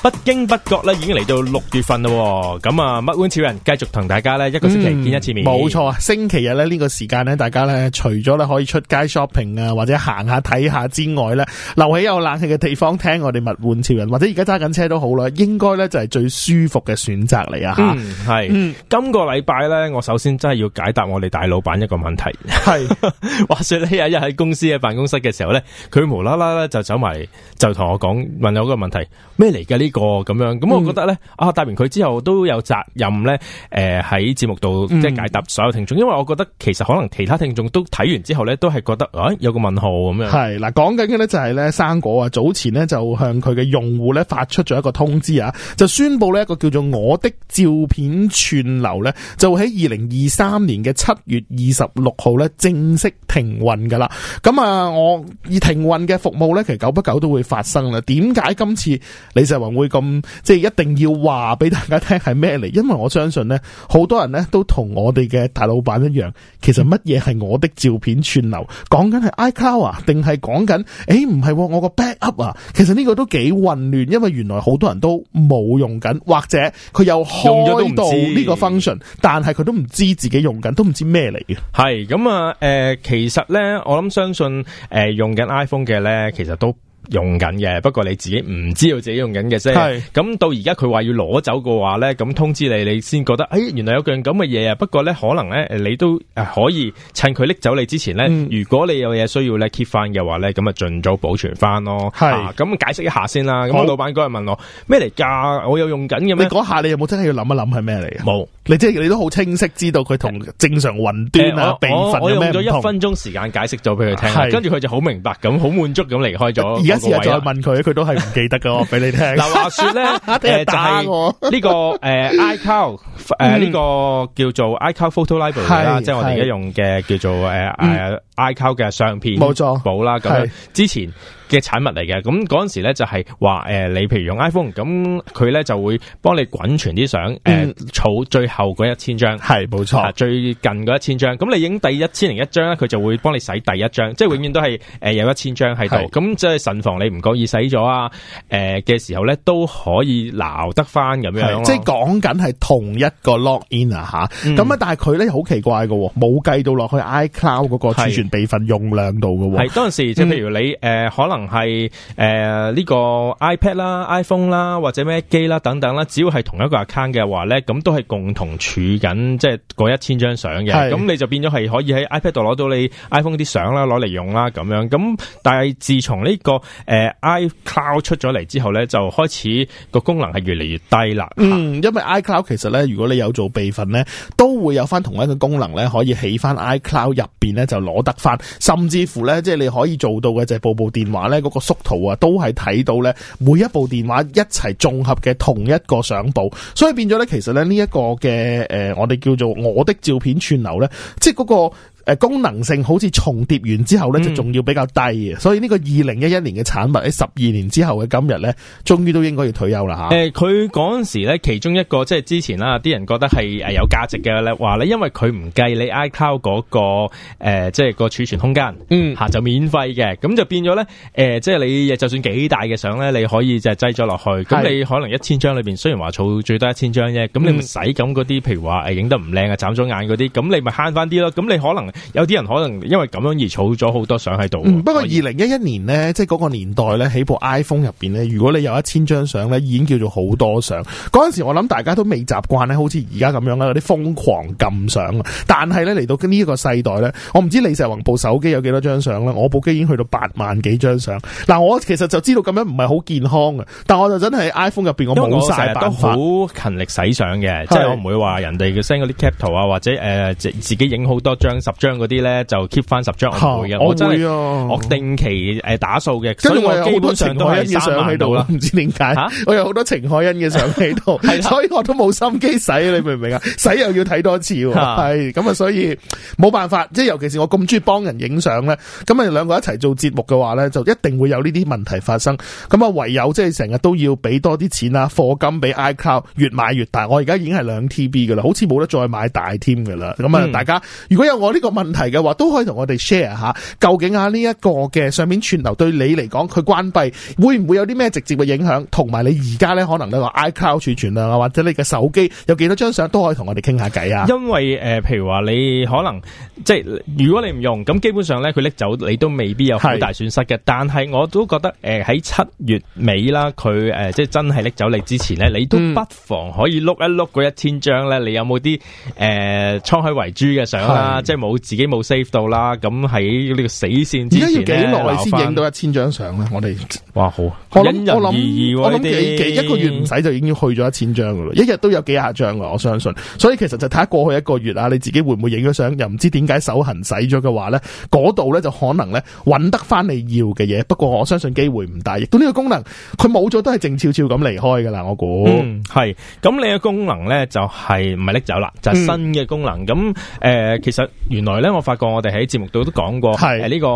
不經不覺咧，已經嚟到六月份喎。咁啊，物換潮人繼續同大家咧一個星期見一次面。冇、嗯、錯，星期日咧呢個時間呢，大家咧除咗咧可以出街 shopping 啊，或者行下睇下之外咧，留喺有冷氣嘅地方聽我哋物換潮人，或者而家揸緊車都好啦。應該咧就係最舒服嘅選擇嚟啊。嗯，係、嗯。今個禮拜咧，我首先真係要解答我哋大老闆一個問題。係， 話說呢日日喺公司喺辦公室嘅時候咧，佢無啦啦咧就走埋就同我講，問我個問題咩嚟㗎呢？呢個咁樣咁，我覺得呢、嗯，啊，答完佢之後都有責任呢。誒、呃，喺節目度即係解答所有聽眾、嗯，因為我覺得其實可能其他聽眾都睇完之後呢，都係覺得誒、啊、有個問號咁樣。係嗱，講緊嘅呢就係呢，生果啊，早前呢，就向佢嘅用戶呢發出咗一個通知啊，就宣布呢一個叫做我的照片串流呢，就喺二零二三年嘅七月二十六號呢正式停運噶啦。咁啊，我而停運嘅服務呢，其實久不久都會發生啦。點解今次你就話？會咁，即係一定要話俾大家聽係咩嚟？因為我相信呢，好多人呢都同我哋嘅大老闆一樣，其實乜嘢係我的照片串流，講緊係 iCloud、欸、啊，定係講緊？誒，唔係我個 backup 啊，其實呢個都幾混亂，因為原來好多人都冇用緊，或者佢又用咗呢個 function，但係佢都唔知自己用緊，都唔知咩嚟嘅。係咁啊，誒、呃，其實呢，我諗相信誒、呃，用緊 iPhone 嘅呢，其實都。用緊嘅，不過你自己唔知道自己用緊嘅啫。咁到而家佢話要攞走嘅話咧，咁通知你，你先覺得，哎，原來有件咁嘅嘢啊！不過咧，可能咧，你都可以趁佢拎走你之前咧、嗯，如果你有嘢需要咧，keep 翻嘅話咧，咁啊盡早保存翻咯。咁、啊、解釋一下先啦。咁老闆嗰日問我咩嚟㗎？我有用緊嘅咩？嗰下你有冇真係要諗一諗係咩嚟？冇，你即係你都好清晰知道佢同正常雲端啊，備份有咩唔同？欸、我，我，我用咗一分鐘時間解釋咗俾佢聽，跟住佢就好明白咁，好滿足咁離開咗。試試再問佢，佢 都係唔記得喎。俾你聽 說呢。流流雪咧，就呢、這個誒 iCloud，呢個叫做 iCloud Photo Library 啦、嗯，即係我哋而家用嘅叫做、嗯啊、iCloud 嘅相片冇錯簿啦。咁之前嘅產物嚟嘅，咁嗰陣時咧就係話誒，你譬如用 iPhone，咁佢咧就會幫你滾存啲相，誒、嗯呃、儲最後嗰一千張，係冇錯最近嗰一千張，咁你影第一千零一張咧，佢就會幫你洗第一張，即係永遠都係、呃、有一千張喺度，咁即係慎防你唔覺意洗咗啊，嘅、呃、時候咧都可以撈得翻咁樣，即係講緊係同一個 log in 啊吓咁啊、嗯、但係佢咧好奇怪嘅喎，冇計到落去 iCloud 嗰個儲存備份用量度嘅喎，係嗰陣時即係譬如你、呃、可能。係誒呢個 iPad 啦、iPhone 啦或者咩機啦等等啦，只要係同一個 account 嘅話咧，咁都係共同儲緊，即係過一千張相嘅。咁你就變咗係可以喺 iPad 度攞到你 iPhone 啲相啦，攞嚟用啦咁樣。咁但係自從呢個誒 iCloud 出咗嚟之後咧，就開始個功能係越嚟越低啦。嗯，因為 iCloud 其實咧，如果你有做備份咧，都會有翻同一嘅功能咧，可以起翻 iCloud 入邊咧就攞得翻，甚至乎咧即係你可以做到嘅就係部部電話。呢、那、嗰個縮圖啊，都係睇到呢，每一部電話一齊綜合嘅同一個相簿，所以變咗呢，其實呢呢一個嘅誒、呃，我哋叫做我的照片串流呢，即係、那、嗰個。誒功能性好似重疊完之後咧，就仲要比較低嘅、嗯，所以呢個二零一一年嘅產物喺十二年之後嘅今日咧，終於都應該要退休啦嚇。佢、啊、嗰、呃、陣時咧，其中一個即係之前啦，啲人覺得係有價值嘅咧，話咧，因為佢唔計你 iCloud 嗰、那個、呃、即係個儲存空間，嗯嚇、啊、就免費嘅，咁就變咗咧誒，即係你就算幾大嘅相咧，你可以就係擠咗落去，咁你可能一千張裏邊，雖然話儲最多一千張啫，咁你咪使咁嗰啲，譬如話影、欸、得唔靚啊，眨咗眼嗰啲，咁你咪慳翻啲咯，咁你可能。有啲人可能因為咁樣而儲咗好多相喺度。不過二零一一年呢，即係嗰個年代呢，喺部 iPhone 入邊呢，如果你有一千張相呢，已經叫做好多相。嗰陣時我諗大家都未習慣呢，好似而家咁樣啦，嗰啲瘋狂撳相。但係呢，嚟到呢個世代呢，我唔知李世宏部手機有幾多張相啦。我部機已經去到八萬幾張相。嗱，我其實就知道咁樣唔係好健康，但我就真係 iPhone 入邊我冇晒，都好勤力洗相嘅，即係、就是、我唔會話人哋嘅 send 嗰啲 cap 啊，或者誒自、呃、自己影好多張十張張啲咧就 keep 翻十張，我真係我定期誒、呃、打數嘅，跟住我有好多程海欣嘅相喺度啦。唔知點解、啊，我有好多程海欣嘅相喺度，所以我都冇心機洗， 你明唔明啊？洗又要睇多次，係咁啊，所以冇辦法。即係尤其是我咁中意幫人影相咧，咁啊兩個一齊做節目嘅話咧，就一定會有呢啲問題發生。咁啊唯有即係成日都要俾多啲錢啦，貨金俾 iCloud 越買越大。我而家已經係兩 TB 噶啦，好似冇得再買大添噶啦。咁啊大家、嗯、如果有我呢、這個。問題嘅話，都可以同我哋 share 下。究竟啊呢一、這個嘅相片串流對你嚟講，佢關閉會唔會有啲咩直接嘅影響？同埋你而家呢，可能個 iCloud 儲存量啊，或者你嘅手機有幾多張相，都可以同我哋傾下偈啊。因為誒、呃，譬如話你可能即係如果你唔用，咁基本上呢，佢拎走，你都未必有好大損失嘅。但係我都覺得誒，喺、呃、七月尾啦，佢誒、呃、即係真係拎走你之前呢，你都不妨可以碌一碌嗰一千張呢，你有冇啲誒滄海遺珠嘅相啦即係冇。自己冇 save 到啦，咁喺呢個死線而家要幾耐先影到一千張相咧。我哋哇好，因人而異嗰啲，一個月唔使就已經去咗一千張噶啦，一日都有幾廿張噶，我相信。所以其實就睇下過去一個月啊，你自己會唔會影咗相？又唔知點解手痕洗咗嘅話咧，嗰度咧就可能咧揾得翻你要嘅嘢。不過我相信機會唔大。亦都呢個功能佢冇咗都係靜悄悄咁離開噶啦，我估係、嗯。咁你嘅功能咧就係唔係拎走啦，就係、是、新嘅功能。咁、嗯、誒、呃，其實原。原來我發覺我哋喺節目度都講過，係呢、個、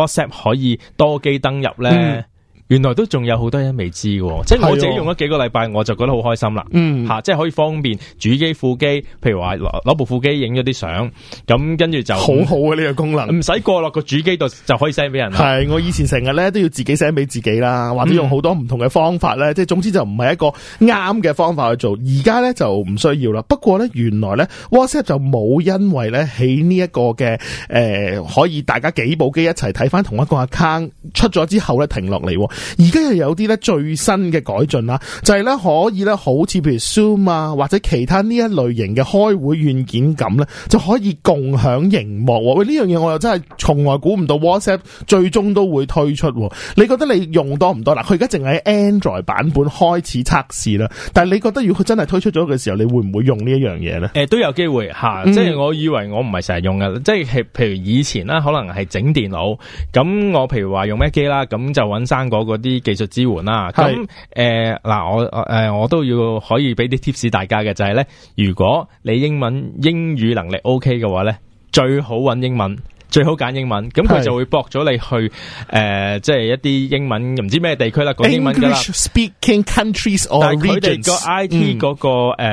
WhatsApp 可以多機登入咧。原來都仲有好多人未知喎。即係我自己用咗幾個禮拜，哦、我就覺得好開心啦。嗯，吓，即係可以方便主機、副機，譬如話攞部副機影咗啲相，咁跟住就好好嘅呢個功能唔使過落個主機度就可以 send 俾人。係，我以前成日咧都要自己 send 俾自己啦，或者用好多唔同嘅方法咧，即、嗯、係總之就唔係一個啱嘅方法去做。而家咧就唔需要啦。不過咧，原來咧 WhatsApp 就冇因為咧起呢、這、一個嘅誒、呃，可以大家幾部機一齊睇翻同一個 account 出咗之後咧停落嚟。而家又有啲咧最新嘅改進啦，就係咧可以咧好似譬如 Zoom 啊或者其他呢一類型嘅開會軟件咁咧，就可以共享螢幕。喂，呢樣嘢我又真係從來估唔到 WhatsApp 最終都會推出。你覺得你用多唔多？嗱，佢而家淨係 Android 版本開始測試啦。但係你覺得如果佢真係推出咗嘅時候，你會唔會用呢一樣嘢咧？誒、呃，都有機會嚇、啊嗯。即係我以為我唔係成日用嘅，即係譬如以前啦，可能係整電腦。咁我譬如話用 Mac 機啦，咁就揾生果。嗰啲技術支援啦，咁誒嗱，我誒、呃、我都要可以俾啲 tips 大家嘅，就係、是、咧，如果你英文英語能力 OK 嘅話咧，最好揾英文。最好揀英文，咁佢就會駁咗你去誒、呃，即係一啲英文唔知咩地區啦，講英文㗎啦。English speaking countries or regions，但佢哋、嗰個 IT 嗰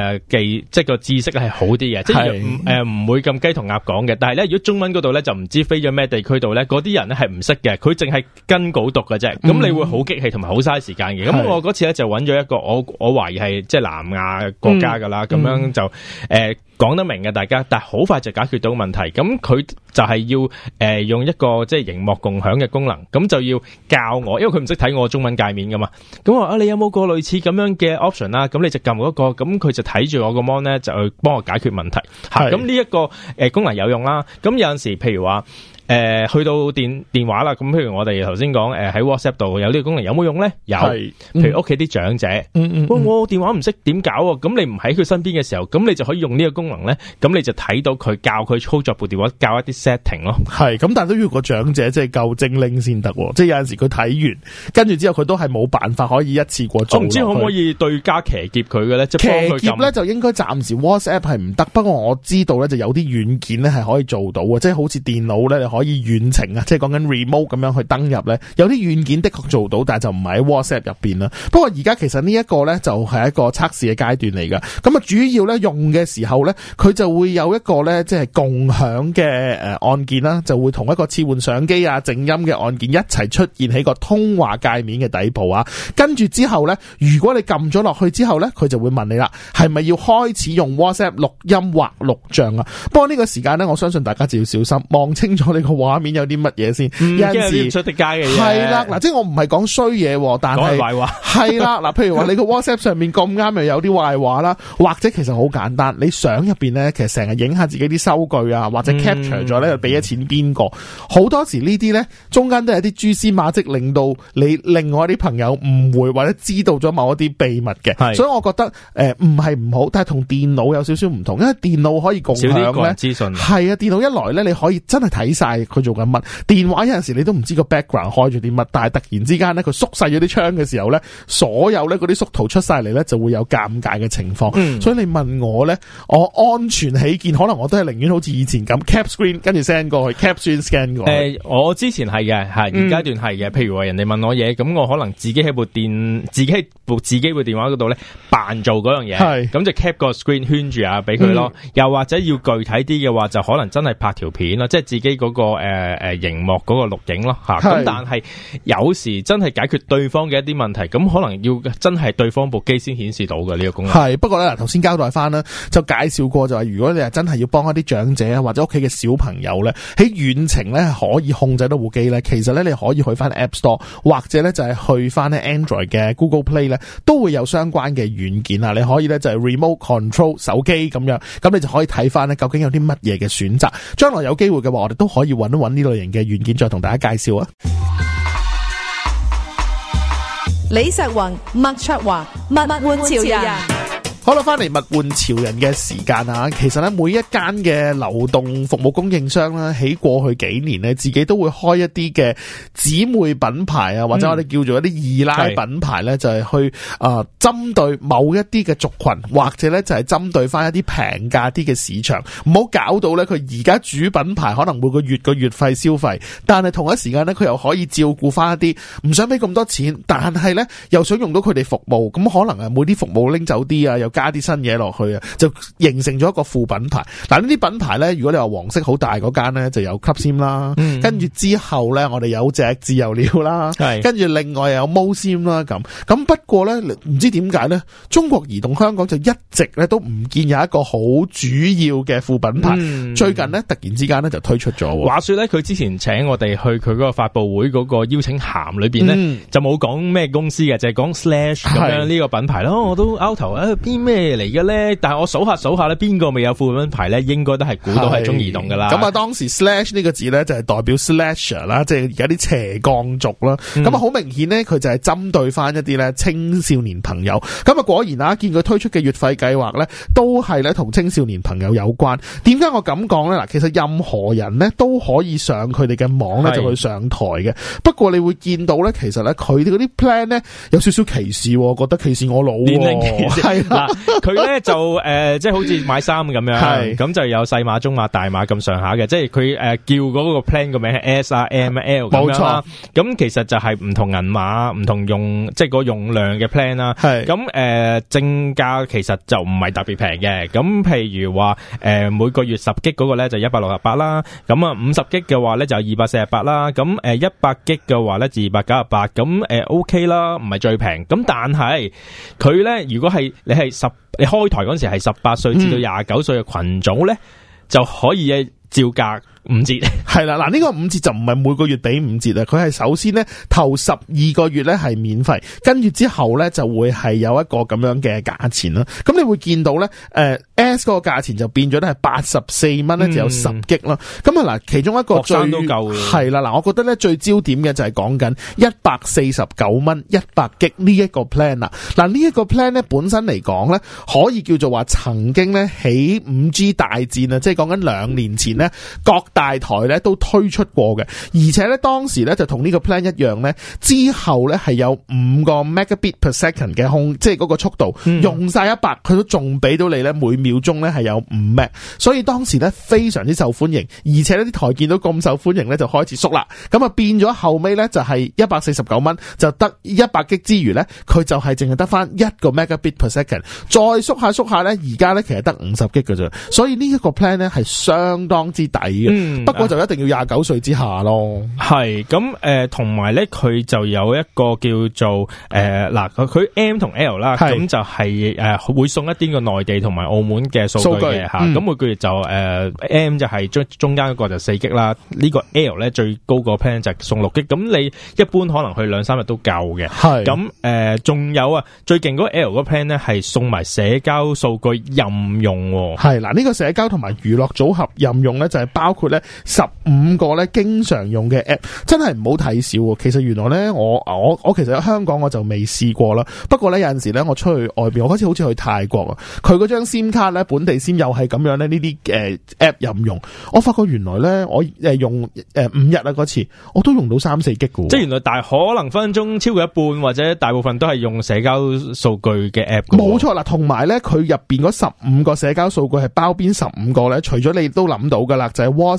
個技，即係個知識係好啲嘅，即係唔、呃、會咁雞同鴨講嘅。但係咧，如果中文嗰度咧，就唔知飛咗咩地區度咧，嗰啲人咧係唔識嘅，佢淨係跟稿讀嘅啫。咁、嗯、你會好激氣同埋好嘥時間嘅。咁、嗯、我嗰次咧就揾咗一個，我我懷疑係即係南亞國家噶啦，咁、嗯、樣就誒。呃講得明嘅大家，但係好快就解決到問題。咁佢就係要誒、呃、用一個即係熒幕共享嘅功能，咁就要教我，因為佢唔識睇我中文界面噶嘛。咁話啊，你有冇個類似咁樣嘅 option 啦、啊？咁你就撳嗰、那個，咁佢就睇住我個 mon 咧，就去幫我解決問題。係咁呢一個誒、呃、功能有用啦。咁有陣時，譬如話。誒、呃，去到電電話啦，咁譬如我哋頭先講，誒、呃、喺 WhatsApp 度有呢個功能有冇用咧？有，譬如屋企啲長者，我、嗯呃、電話唔識點搞喎、啊，咁你唔喺佢身邊嘅時候，咁你就可以用呢個功能咧，咁你就睇到佢，教佢操作部電話，教一啲 setting 咯、啊。係，咁但係都要個長者即係夠精靈先得，即係有陣時佢睇完，跟住之後佢都係冇辦法可以一次過做。唔知可唔可以對家騎劫佢嘅咧？騎劫咧就應該暫時 WhatsApp 係唔得，不過我知道咧就有啲軟件咧係可以做到即係好似電腦咧，可以遠程啊，即係講緊 remote 咁樣去登入咧，有啲軟件的確做到，但係就唔係喺 WhatsApp 入邊啦。不過而家其實呢一個咧就係一個測試嘅階段嚟嘅。咁啊，主要咧用嘅時候咧，佢就會有一個咧即係共享嘅誒按鍵啦，就會同一個切換相機啊、靜音嘅按鍵一齊出現喺個通話界面嘅底部啊。跟住之後咧，如果你撳咗落去之後咧，佢就會問你啦，係咪要開始用 WhatsApp 錄音或錄像啊？不過呢個時間咧，我相信大家就要小心，望清楚呢個。畫面有啲乜嘢先，有陣時出啲街嘅嘢。係啦，嗱，即係我唔係講衰嘢，但係講壞話。係啦，嗱，譬如話你個 WhatsApp 上面咁啱又有啲壞話啦， 或者其實好簡單，你相入邊咧，其實成日影下自己啲收據啊，或者 capture 咗咧，就俾咗錢邊個。好、嗯、多時呢啲咧，中間都係啲蛛絲馬跡，令到你另外啲朋友誤會或者知道咗某一啲秘密嘅。所以我覺得誒，唔係唔好，但係同電腦有少少唔同，因為電腦可以共享咧，係啊，電腦一來咧，你可以真係睇晒。佢做緊乜？電話有陣時你都唔知個 background 開住啲乜，但係突然之間咧佢縮細咗啲窗嘅時候咧，所有咧嗰啲縮圖出晒嚟咧就會有尷尬嘅情況、嗯。所以你問我咧，我安全起見，可能我都係寧願好似以前咁 cap screen 跟住 send 過去，cap screen scan 過去。誒、呃，我之前係嘅，吓，現階段係嘅、嗯。譬如話人哋問我嘢，咁我可能自己喺部電，自己喺部自己部電話嗰度咧扮做嗰樣嘢，係咁就 cap 個 screen 圈住下俾佢咯、嗯。又或者要具體啲嘅話，就可能真係拍條片咯，即係自己嗰、嗰個。呃呃、個誒誒熒幕嗰個錄影咯吓，咁但係有時真係解決對方嘅一啲問題，咁可能要真係對方部機先顯示到嘅呢、這個功能。係不過咧，頭先交代翻啦，就介紹過就係如果你係真係要幫一啲長者啊或者屋企嘅小朋友咧，喺遠程咧可以控制到部機咧，其實咧你可以去翻 App Store 或者咧就係去翻咧 Android 嘅 Google Play 咧，都會有相關嘅軟件啊，你可以咧就係 remote control 手機咁樣，咁你就可以睇翻咧究竟有啲乜嘢嘅選擇。將來有機會嘅話，我哋都可以。要揾一揾呢類型嘅軟件，再同大家介紹啊！李石雲、麥卓華、物玩潮人。好啦，翻嚟物玩潮人嘅時間啊！其實咧，每一間嘅流動服務供應商咧，喺過去幾年咧，自己都會開一啲嘅姊妹品牌啊，或者我哋叫做一啲二奶品牌咧、嗯，就係去啊，針對某一啲嘅族群，或者咧就係針對翻一啲平價啲嘅市場，唔好搞到咧佢而家主品牌可能每個月個月費消費，但係同一時間咧，佢又可以照顧翻一啲唔想俾咁多錢，但係咧又想用到佢哋服務，咁可能係每啲服務拎走啲啊，又。加啲新嘢落去啊，就形成咗一個副品牌。嗱，呢啲品牌咧，如果你話黃色好大嗰間咧，就有吸 l 啦，跟、嗯、住之後咧，我哋有隻自由鳥啦，係，跟住另外又有毛 o 啦，咁咁不過咧，唔知點解咧，中國移動香港就一直咧都唔見有一個好主要嘅副品牌。嗯、最近咧突然之間咧就推出咗。話說咧，佢之前請我哋去佢嗰個發佈會嗰個邀請函裏邊咧，嗯、就冇講咩公司嘅，就係講 Slash 咁樣呢個品牌咯。我都 out 頭喺 咩嚟嘅咧？但係我數下數下咧，邊個未有副品牌咧？應該都係估到係中移動噶啦。咁啊，當時 slash 呢個字咧，就係、是、代表 slasher 啦，即係而家啲斜降族啦。咁、嗯、啊，好明顯咧，佢就係針對翻一啲咧青少年朋友。咁啊，果然啊，見佢推出嘅月費計劃咧，都係咧同青少年朋友有關。點解我咁講咧？嗱，其實任何人咧都可以上佢哋嘅網咧，就去上台嘅。不過你會見到咧，其實咧佢哋嗰啲 plan 咧有少少歧視，覺得歧視我老、哦。年齡歧視係啦。 佢咧就誒，即係好似買衫咁樣，咁就有細碼、中碼、大碼咁上下嘅，即係佢誒叫嗰個 plan 個名係 S、M、L 咁樣啦，冇錯。咁其實就係唔同銀碼、唔同用即係個用量嘅 plan 啦。係咁誒，正價其實就唔係特別平嘅。咁譬如話誒每個月十激嗰個咧就一百六十八啦，咁啊五十激嘅話咧就二百四十八啦，咁誒一百激嘅話咧就二百九十八，咁誒 OK 啦，唔係最平。咁但係佢咧如果係你係。十你開台嗰陣時，係十八歲至到廿九歲嘅群組咧，就可以嘅照價。五折係啦，嗱呢個五折就唔係每個月俾五折啊，佢係首先呢頭十二個月呢係免費，跟住之後呢就會係有一個咁樣嘅價錢啦。咁你會見到呢，S 個價錢就變咗呢係八十四蚊呢，就有十 G 啦。咁啊嗱，其中一個都夠係啦嗱，我覺得呢最焦點嘅就係講緊一百四十九蚊一百 G 呢一個 plan 啦。嗱呢一個 plan 呢本身嚟講呢，可以叫做話曾經呢起五 G 大戰啊，即係講緊兩年前呢。各。大台咧都推出過嘅，而且咧當時咧就同呢個 plan 一樣咧，之後咧係有五個 megabit per second 嘅空，即係嗰個速度、嗯、用晒一百佢都仲俾到你咧每秒鐘咧係有五 meg，所以當時咧非常之受歡迎，而且咧啲台見到咁受歡迎咧就開始縮啦，咁啊變咗後尾咧就係一百四十九蚊就得一百激之餘咧，佢就係淨係得翻一個 megabit per second，再縮下縮下咧而家咧其實得五十激嘅啫，所以呢一個 plan 咧係相當之抵嘅。嗯不過就一定要廿九歲之下咯，係咁誒，同埋咧佢就有一個叫做誒嗱佢佢 M 同 L 啦，咁就係誒會送一啲嘅內地同埋澳門嘅數據嘅吓，咁每個月就誒 M 就係中中間嗰個就四 G 啦，呢個 L 咧最高個 plan 就係送六 G，咁你一般可能去兩三日都夠嘅，係咁誒，仲有啊最勁嗰個 L 個 plan 咧係送埋社交數據任用，係嗱呢個社交同埋娛樂組合任用咧就係包括。十五個咧，經常用嘅 app 真係唔好睇少，其實原來呢，我我我其實喺香港我就未試過啦。不過呢，有陣時咧我出去外邊，我次好似好似去泰國啊。佢嗰張 sim 卡呢，本地先又係咁樣呢。呢啲誒 app 任用。我發覺原來呢，我誒用誒五日啊嗰次我都用到三四 G 嘅。即係原來大可能分分鐘超過一半或者大部分都係用社交數據嘅 app。冇錯啦，同埋呢，佢入邊嗰十五個社交數據係包邊十五個呢？除咗你都諗到噶啦，就係 WhatsApp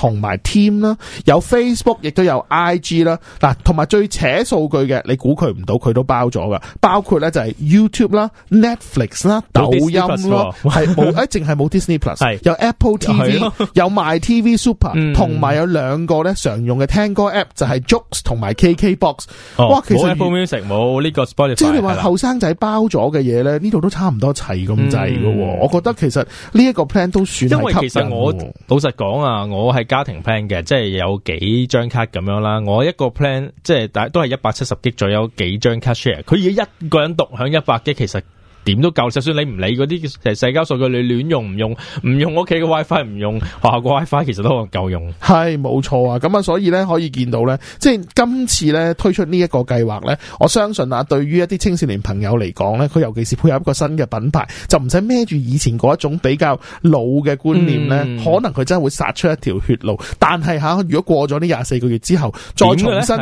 同埋 team 啦，有 Facebook，亦都有 IG 啦，嗱，同埋最扯數據嘅，你估佢唔到，佢都包咗噶，包括咧就係 YouTube 啦、Netflix 啦、抖音咯，係冇，誒淨係冇 Disney Plus，係有 Apple TV，有 My TV Super，同 埋、嗯、有兩個咧常用嘅聽歌 app 就係 JOOX 同埋 KK Box、哦。哇，冇 Apple Music 冇呢個 Spotify，即係你話後生仔包咗嘅嘢咧，呢、嗯、度都差唔多齊咁滯嘅喎。嗯、我覺得其實呢一個 plan 都算，因為其實我老實講啊，我係。家庭 plan 嘅，即係有幾張卡咁樣啦。我一個 plan 即係大都係一百七十 G 左右，右幾張卡 share。佢而家一個人獨享一百 G，其實。點都夠，就算你唔理嗰啲誒社交數據，你亂用唔用唔用屋企嘅 WiFi 唔用學校個 WiFi，其實都夠用。係冇錯啊！咁啊，所以咧可以見到咧，即係今次咧推出呢一個計劃咧，我相信啊，對於一啲青少年朋友嚟講咧，佢尤其是配合一個新嘅品牌，就唔使孭住以前嗰一種比較老嘅觀念咧、嗯，可能佢真係會殺出一條血路。但係吓，如果過咗呢廿四個月之後，再重新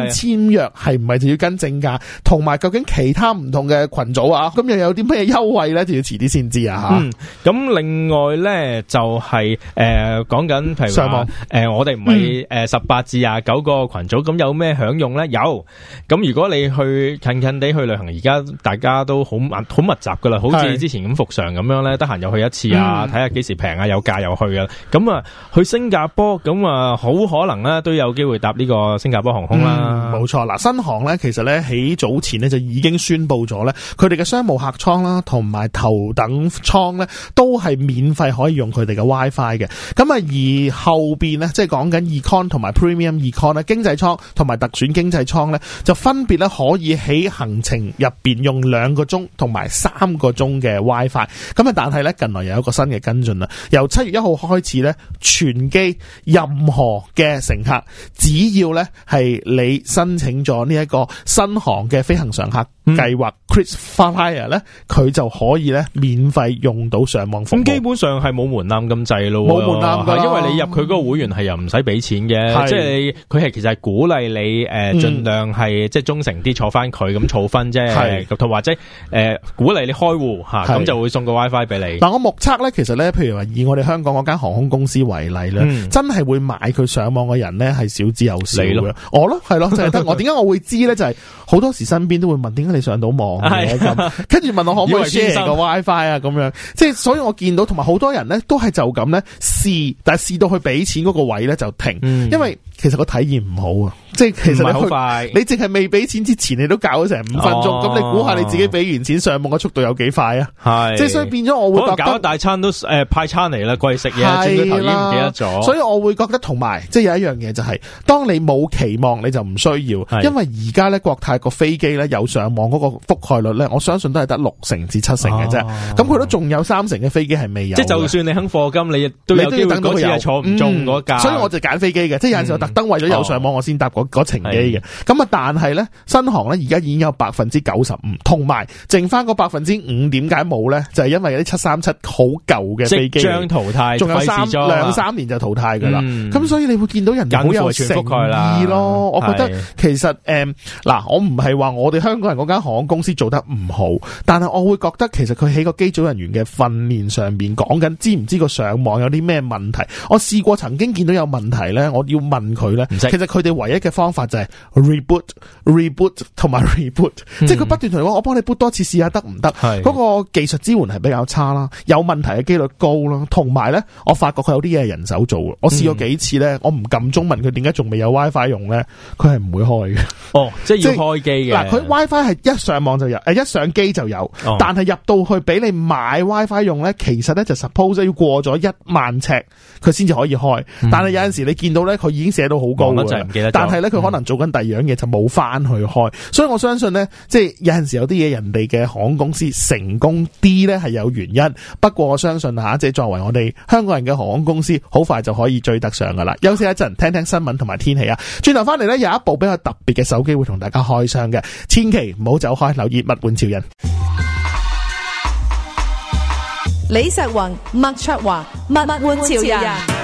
簽約，係唔係就要跟正價？同埋，究竟其他唔同嘅群組啊，咁又有啲咩？優惠咧、嗯，就要遲啲先知啊！吓、呃，咁另外咧就係誒講緊，譬如說上網誒、呃，我哋唔係誒十八至廿九個群組，咁、嗯、有咩享用咧？有咁如果你去近近地去旅行，而家大家都好密好密集噶啦，好似之前咁復常咁樣咧，得閒又去一次、嗯、看看去啊，睇下幾時平啊，有價又去啊。咁啊去新加坡咁啊，好可能咧都有機會搭呢個新加坡航空啦。冇、嗯、錯，嗱，新航咧其實咧喺早前咧就已經宣佈咗咧，佢哋嘅商務客艙啦。同埋頭等艙呢都係免費可以用佢哋嘅 WiFi 嘅。咁啊，而後面呢，即係講緊 eCon 同埋 Premium eCon 咧，經濟艙同埋特選經濟艙呢，就分別咧可以喺行程入邊用兩個鐘同埋三個鐘嘅 WiFi。咁啊，但係呢，近來又有一個新嘅跟進啦。由七月一號開始呢，全機任何嘅乘客，只要呢係你申請咗呢一個新航嘅飛行常客計劃、嗯、KrisFlyer 佢你就可以咧免費用到上網服務，咁基本上係冇門檻咁滯咯，冇門檻嘅，因為你入佢嗰個會員係又唔使俾錢嘅，即係你佢係其實係鼓勵你誒，儘、嗯、量係即係忠誠啲坐翻佢咁儲分啫，同或者誒、呃、鼓勵你開戶嚇，咁就會送個 WiFi 俾你。但我目測咧，其實咧，譬如話以我哋香港嗰間航空公司為例咧、嗯，真係會買佢上網嘅人咧係少之又少咯，我咯係咯就係得我，點 解我會知咧？就係、是、好多時身邊都會問點解你上到網跟住 問我可唔可個 WiFi 啊，咁樣，即係所以我見到同埋好多人咧，都係就咁咧試，但係試到去俾錢嗰個位咧就停，嗯、因為。其實個體驗唔好啊，即係其實你好快，你淨係未俾錢之前，你都搞咗成五分鐘，咁、哦、你估下你自己俾完錢上網嘅速度有幾快啊？係，即係所以變咗我會覺得搞大餐都誒、呃、派餐嚟啦，貴食嘢，最頭先唔記得咗，所以我會覺得同埋即係有一樣嘢就係、是，當你冇期望你就唔需要，因為而家咧國泰個飛機咧有上網嗰個覆蓋率咧，我相信都係得六成至七成嘅啫，咁佢都仲有三成嘅飛機係未有，即就算你肯課金，你都有機會嗰次係坐唔中嗰架，嗯，所以我就揀飛機嘅，即有登為咗有上網我，我先搭嗰程機嘅。咁啊，但係呢，新航呢而家已經有百分之九十五，同埋剩翻嗰百分之五，點解冇呢？就係、是、因為有啲七三七好舊嘅飛機，即將淘汰，仲有三兩三年就淘汰噶啦。咁、嗯、所以你會見到人好有誠意咯。我覺得其實誒嗱、嗯，我唔係話我哋香港人嗰間航空公司做得唔好，但係我會覺得其實佢喺個機組人員嘅訓練上面講緊，知唔知個上網有啲咩問題？我試過曾經見到有問題呢，我要問。佢咧，其實佢哋唯一嘅方法就係 reboot, reboot, reboot、嗯、reboot 同埋 reboot，即係佢不斷同你講：我幫你 boot 多一次試下得唔得？係嗰、嗰個技術支援係比較差啦，有問題嘅幾率高咯。同埋咧，我發覺佢有啲嘢係人手做、嗯，我試過幾次咧，我唔撳鐘問，佢點解仲未有 WiFi 用咧，佢係唔會開嘅。哦，即係要開機嘅嗱，佢 WiFi 係一上網就有，一上機就有，哦、但係入到去俾你買 WiFi 用咧，其實咧就 suppose 要過咗一萬尺，佢先至可以開。嗯、但係有陣時你見到咧，佢已經成。都好高，嗯就是，但係咧佢可能做緊第二樣嘢就冇翻去開，所以我相信呢，即係有陣時有啲嘢人哋嘅航空公司成功啲呢係有原因，不過我相信吓，即係作為我哋香港人嘅航空公司，好快就可以追得上噶啦。休息一陣，聽聽新聞同埋天氣啊。轉頭翻嚟呢，有一部比較特別嘅手機會同大家開箱嘅，千祈唔好走開，留意物玩潮人。李石雲、麥卓華、物玩潮人。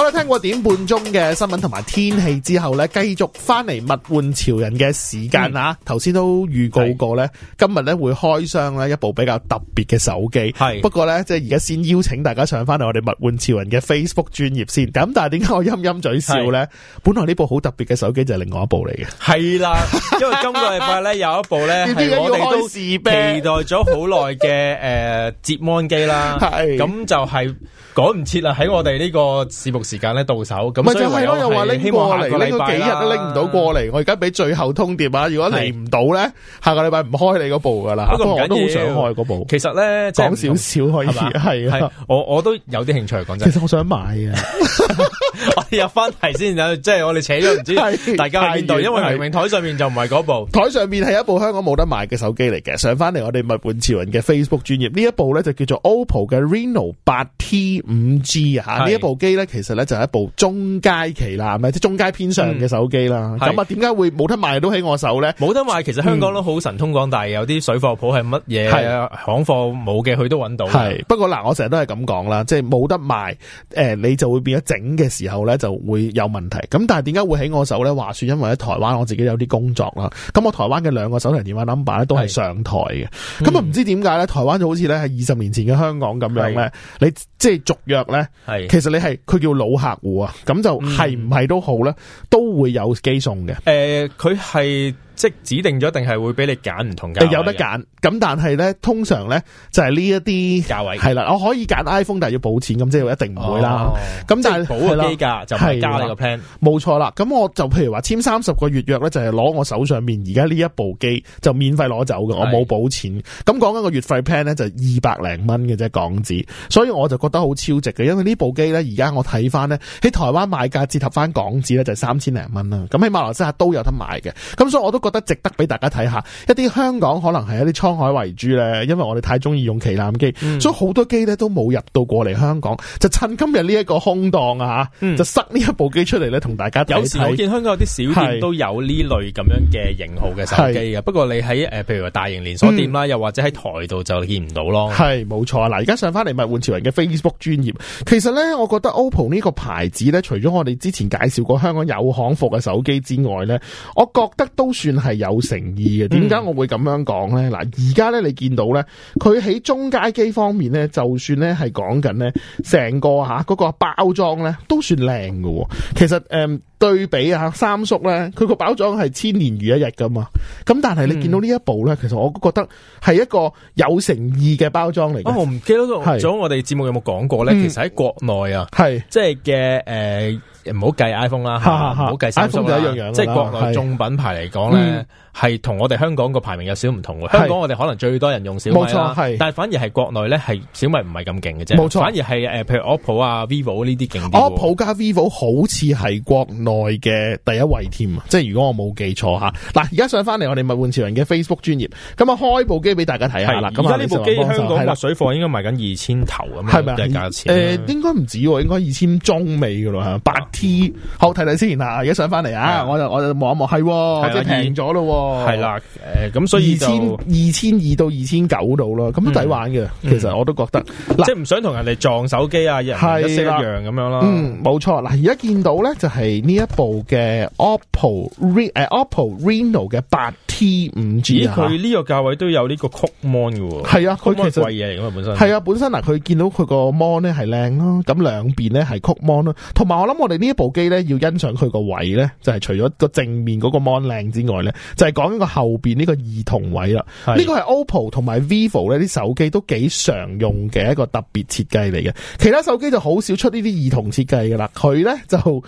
我哋聽過點半鐘嘅新聞同埋天氣之後呢，繼續翻嚟物玩潮人嘅時間啊！頭、嗯、先都預告過呢，今日呢會開箱呢一部比較特別嘅手機。係不過呢，即係而家先邀請大家上翻嚟我哋物玩潮人嘅 Facebook 專頁先。咁但係點解我陰陰嘴笑呢？本來呢部好特別嘅手機就係另外一部嚟嘅。係啦，因為今個禮拜呢有一部呢，我哋都期待咗好耐嘅誒摺芒機啦。咁就係、是。趕唔切啦，喺我哋呢個節目時間咧到手咁，咪就係咯，又話拎過嚟，拎幾日都拎唔到過嚟。我而家俾最後通牒啊！如果嚟唔到咧，下個禮拜唔開你嗰部噶啦。不過我都好想開嗰部。其實咧講少少可以係啊，我我都有啲興趣講真。其實我想買啊！我入翻題先啊，即係我哋扯咗唔知大家喺邊度，因為明明台上面就唔係嗰部，台上面係一部香港冇得賣嘅手機嚟嘅。上翻嚟我哋物玩潮人嘅 Facebook 專業呢一部咧就叫做 OPPO 嘅 Reno 八 T。五 G 啊，呢一部機咧，其實咧就係一部中階期啦，係咪？即中階偏上嘅手機啦。咁啊，點解會冇得賣都喺我手咧？冇得賣，其實香港都好神通廣大，嗯、有啲水貨鋪係乜嘢行貨冇嘅，佢、啊、都搵到。係不過嗱，我成日都係咁講啦，即係冇得賣，誒，你就會變咗整嘅時候咧就會有問題。咁但係點解會喺我手咧？話說，因為咧台灣我自己有啲工作啦，咁我台灣嘅兩個手提電話 number 咧都係上台嘅。咁啊，唔、嗯、知點解咧，台灣就好似呢，係二十年前嘅香港咁樣咧，你即係約咧，係其實你係佢叫老客戶啊，咁就係唔係都好咧，都會有機送嘅、嗯。誒、呃，佢係。即指定咗，定係會俾你揀唔同價位有得揀咁，但係咧通常咧就係呢一啲價位係啦。我可以揀 iPhone，但係要補錢咁，即係一定唔會啦。咁、哦、但係補個機價就唔加你個 plan。冇錯啦。咁我就譬如話簽三十個月約咧，就係攞我手上面而家呢一部機就免費攞走嘅。我冇補錢。咁講緊個月費 plan 咧，就二百零蚊嘅啫港紙。所以我就覺得好超值嘅，因為部機呢部機咧而家我睇翻咧喺台灣賣價折合翻港紙咧就三千零蚊啦。咁喺馬來西亞都有得賣嘅。咁所以我都覺得值得俾大家睇下，一啲香港可能係一啲滄海遺珠咧，因為我哋太中意用旗艦機、嗯，所以好多機咧都冇入到過嚟香港。就趁今日呢一個空檔啊、嗯，就塞呢一部機出嚟咧，同大家看看。有時我見香港有啲小店都有呢類咁樣嘅型號嘅手機啊。不過你喺誒，譬如話大型連鎖店啦、嗯，又或者喺台度就見唔到咯。係冇錯啊！嗱，而家上翻嚟物玩潮人嘅 Facebook 專頁，其實咧，我覺得 OPPO 呢個牌子咧，除咗我哋之前介紹過香港有行貨嘅手機之外咧，我覺得都算。係有誠意嘅，點解我會咁樣講咧？嗱、嗯，而家咧你見到咧，佢喺中階機方面咧，就算咧係講緊咧成個吓嗰個包裝咧都算靚嘅。其實誒對比啊三叔咧，佢個包裝係千年如一日噶嘛。咁但係你見到呢一部咧、嗯，其實我覺得係一個有誠意嘅包裝嚟。嘅、嗯。我唔記得咗我哋節目有冇講過咧、嗯？其實喺國內啊，係即係嘅誒。呃唔好計 iPhone 啦，唔好計 iPhone，啊，iPhone 一樣樣啦。即係國內重品牌嚟講咧。係同我哋香港個排名有少唔同嘅，香港我哋可能最多人用小米啦，係，但係反而係國內咧，係小米唔係咁勁嘅啫，冇錯，反而係誒，譬如 OPPO 啊、VIVO 呢啲勁啲。OPPO 加 VIVO 好似係國內嘅第一位添啊、嗯，即係如果我冇記錯吓，嗱，而家上翻嚟我哋物玩潮人嘅 Facebook 專頁，咁啊開部機俾大家睇下啦，而家呢部機香港水貨應該賣緊二千頭啊，係咪啊？價錢？誒，應該唔止，應該二千中尾噶咯，八 T，好，睇睇先，嗱，而家上翻嚟啊，我就我就望一望，係、啊啊啊啊，即係停咗咯。係啦，誒，咁所以就二千二到二千九度啦，咁都抵玩嘅。其實我都覺得，即係唔想同人哋撞手機啊，一係一樣咁樣咯。嗯，冇錯。嗱，而家見到咧就係呢一部嘅 OPPO Reno 誒，OPPO Reno 嘅八 T 五 G，佢呢個價位都有呢個曲 Mon 嘅。係啊，佢其實貴嘢嚟噶嘛，本身係啊，本身嗱，佢見到佢個 Mon 咧係靚咯，咁兩邊咧係曲 Mon 咯。同埋我諗，我哋呢一部機咧要欣賞佢個位咧，就係除咗個正面嗰個 Mon 靚之外咧，就係。講呢個後邊呢個兒童位啦，呢個係 OPPO 同埋 VIVO 呢啲手機都幾常用嘅一個特別設計嚟嘅，其他手機就好少出呢啲兒童設計嘅啦。佢咧就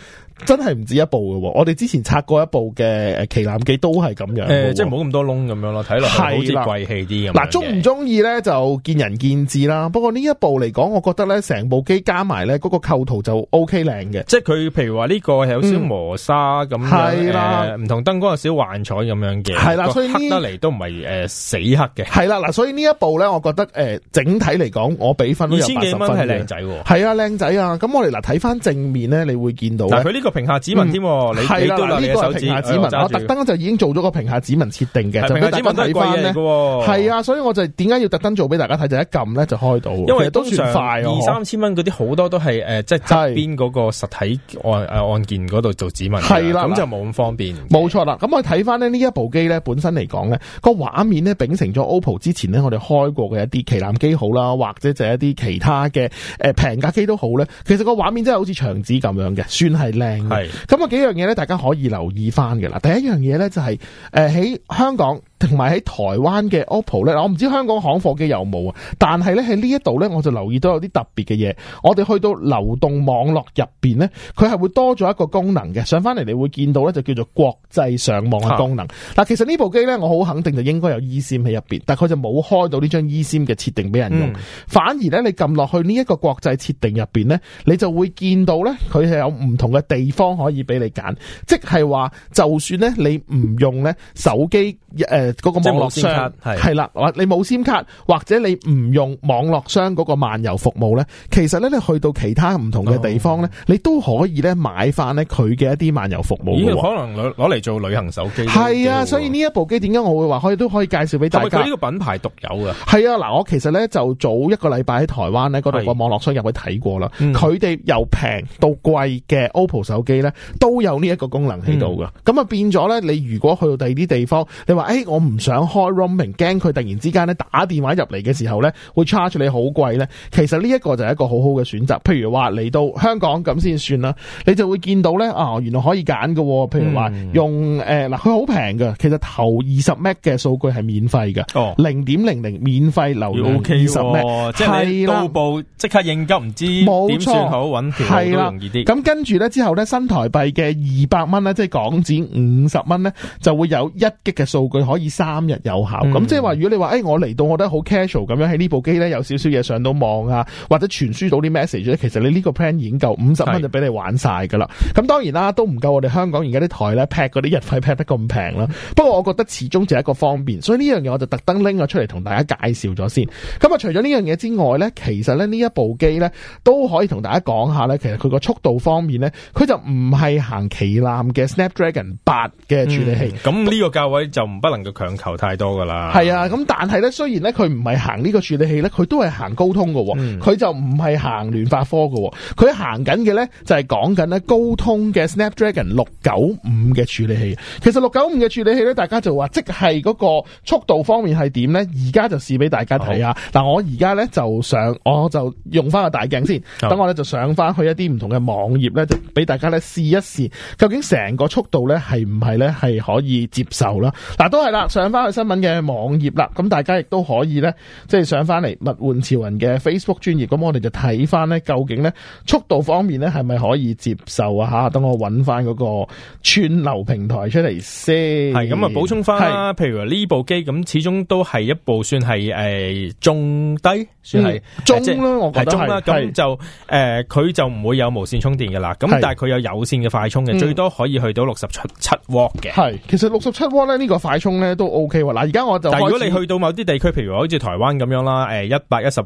真係唔止一部嘅，我哋之前拆過一部嘅旗艦機都係咁樣，誒，即係冇咁多窿咁樣咯，睇落好似貴氣啲咁。嗱，鍾唔鍾意咧就見仁見智啦。不過呢一部嚟講，我覺得咧成部機加埋咧嗰個構圖就 OK 靚嘅，即係佢譬如話呢個係有少磨砂咁，係啦，唔同燈光有少幻彩咁樣。係啦，所以呢，黑得嚟都唔係誒死黑嘅。係啦，嗱，所以一部呢一部咧，我覺得誒、呃、整體嚟講，我比分，都分二千幾蚊係靚仔，係啊靚仔啊。咁我哋嗱睇翻正面咧，你會見到，但佢呢個屏下指紋添、啊、係、嗯、啦、呢、這個屏下指紋、哎，我特登就已經做咗個屏下指紋設定嘅。你只不過睇翻咧，係啊，啊，所以我就點解要特登做俾大家睇？就一撳咧就開到，因為都算快、啊、通常二三千蚊嗰啲好多都係誒即係側邊嗰個實體按誒按鍵嗰度做指紋，係啦，咁就冇咁方便。冇錯啦，咁我睇翻呢呢一部。部機咧，本身嚟講咧，個畫面咧，秉承咗 OPPO 之前咧，我哋開過嘅一啲旗艦機好啦，或者就係一啲其他嘅、誒平價機都好咧，其實個畫面真係好似牆紙咁樣嘅，算係靚嘅。咁啊幾樣嘢咧，大家可以留意翻嘅啦。第一樣嘢咧，就係誒喺香港，同埋喺台灣嘅 OPPO 咧，我唔知香港行貨機有冇啊？但係咧喺呢一度咧，我就留意到有啲特別嘅嘢。我哋去到流動網絡入邊咧，佢係會多咗一個功能嘅。上翻嚟你會見到咧，就叫做國際上網嘅功能。嗱、啊，其實呢部機咧，我好肯定就應該有 ESIM 喺入邊，但佢就冇開到呢張 ESIM 嘅設定俾人用。嗯、反而咧，你撳落去呢一個國際設定入邊咧，你就會見到咧，佢係有唔同嘅地方可以俾你揀，即係話就算咧你唔用咧手機、呃嗰、那個網絡商係啦，你冇簽卡，或者你唔用網絡商嗰個漫遊服務呢？其實呢，你去到其他唔同嘅地方呢、哦，你都可以呢買翻呢佢嘅一啲漫遊服務、欸。可能攞嚟做旅行手機。係啊，所以呢一部機點解我會話可以都可以介紹俾大家？佢呢個品牌獨有㗎。係啊，嗱，我其實呢，就早一個禮拜喺台灣呢嗰度個網絡商入去睇過啦。佢哋、嗯、由平到貴嘅 OPPO 手機呢，都有呢一個功能喺度㗎。咁、嗯、啊變咗呢，你如果去到第二啲地方，你話誒、哎、我。唔想開 roaming 驚佢突然之間咧打電話入嚟嘅時候咧，會 charge 你好貴咧。其實呢一個就係一個好好嘅選擇。譬如話嚟到香港咁先算啦，你就會見到咧啊、哦，原來可以揀嘅。譬如話用誒嗱，佢好平嘅。其實頭二十 Mbps 嘅數據係免費嘅，零點零零免費流量二十 Mbps，okay 哦、即係部即刻應急，唔知點算好，揾票都容易啲。咁跟住咧之後咧，新台幣嘅二百蚊咧，即係港紙五十蚊咧，就會有一 G 嘅數據可以。三日有效，咁即係話，如果你話，誒、哎，我嚟到，我覺得好 casual 咁樣喺呢部機呢，有少少嘢上到網啊，或者傳輸到啲 message 呢，其實你呢個 plan 已經夠五十蚊就俾你玩晒噶啦。咁當然啦，都唔夠我哋香港而家啲台呢劈嗰啲日費劈得咁平啦。不過我覺得始終就係一個方便，所以呢樣嘢我就特登拎咗出嚟同大家介紹咗先。咁啊，除咗呢樣嘢之外呢，其實呢呢一部機呢，都可以同大家講下呢。其實佢個速度方面呢，佢就唔係行旗艦嘅 Snapdragon 八嘅處理器，咁、嗯、呢個價位就唔不能夠強求太多噶啦，係啊，咁但係咧，雖然咧佢唔係行呢個處理器咧，佢都係行高通喎。佢、嗯、就唔係行聯發科喎。佢行緊嘅咧就係講緊咧高通嘅 Snapdragon 六九五嘅處理器。其實六九五嘅處理器咧，大家就話即係嗰個速度方面係點咧？而家就試俾大家睇下、哦、啊！嗱，我而家咧就上，我就用翻個大鏡先，等、哦、我咧就上翻去一啲唔同嘅網頁咧，就俾大家咧試一試，究竟成個速度咧係唔係咧係可以接受、啊、啦？嗱，都係啦。上翻去新聞嘅網頁啦，咁大家亦都可以咧，即係上翻嚟物換潮人嘅 Facebook 專頁，咁我哋就睇翻咧究竟咧速度方面咧係咪可以接受啊吓？等我揾翻嗰個串流平台出嚟先。係咁啊，補充翻啦，譬如話呢部機咁，始終都係一部算係誒、呃、中低，算係、嗯、中啦、呃，我覺得啦。咁就誒佢、呃、就唔會有無線充電㗎啦，咁但係佢有有綫嘅快充嘅、嗯，最多可以去到六十七七瓦嘅。係，其實六十七瓦咧呢個快充咧。都 OK 喎，嗱，而家我就，但係如果你去到某啲地區，譬如話好似台灣咁樣啦，誒，一百一十